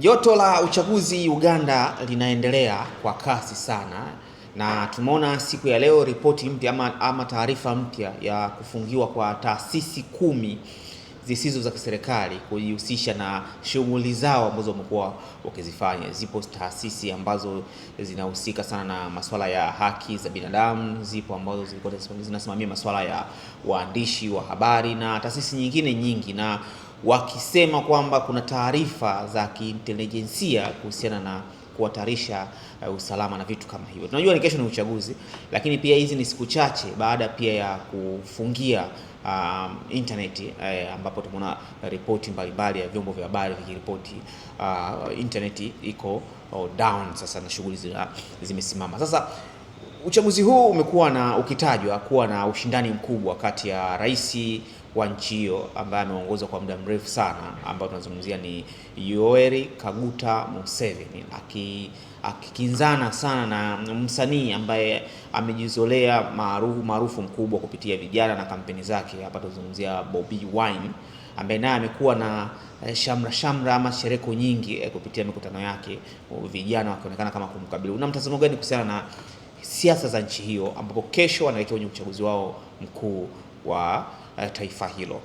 Joto la uchaguzi Uganda linaendelea kwa kasi sana, na tumeona siku ya leo ripoti mpya ama, ama taarifa mpya ya kufungiwa kwa taasisi kumi zisizo za kiserikali kujihusisha na shughuli zao ambazo wamekuwa wakizifanya. Zipo taasisi ambazo zinahusika sana na masuala ya haki za binadamu, zipo ambazo zilikuwa zinasimamia masuala ya waandishi wa habari na taasisi nyingine nyingi na wakisema kwamba kuna taarifa za kiintelijensia kuhusiana na kuhatarisha uh, usalama na vitu kama hivyo. Tunajua ni kesho ni uchaguzi, lakini pia hizi ni siku chache baada pia ya kufungia um, internet eh, ambapo tumeona ripoti mbalimbali ya vyombo vya habari vikiripoti uh, internet iko oh, down sasa na shughuli zimesimama. Sasa uchaguzi huu umekuwa na ukitajwa kuwa na ushindani mkubwa kati ya rais wa nchi hiyo ambaye ameongoza kwa muda mrefu sana, ambao tunazungumzia ni Yoweri Kaguta Museveni, akikinzana sana na msanii ambaye amejizolea maarufu maarufu mkubwa kupitia vijana na kampeni zake. Hapa tunazungumzia Bobi Wine ambaye naye amekuwa na eh, shamra shamra ama shereko nyingi eh, kupitia mikutano yake, vijana wakionekana kama kumkabili. Una mtazamo gani kuhusiana na siasa za nchi hiyo ambapo kesho wanaelekea kwenye uchaguzi wao mkuu wa Eh, taifa hilo.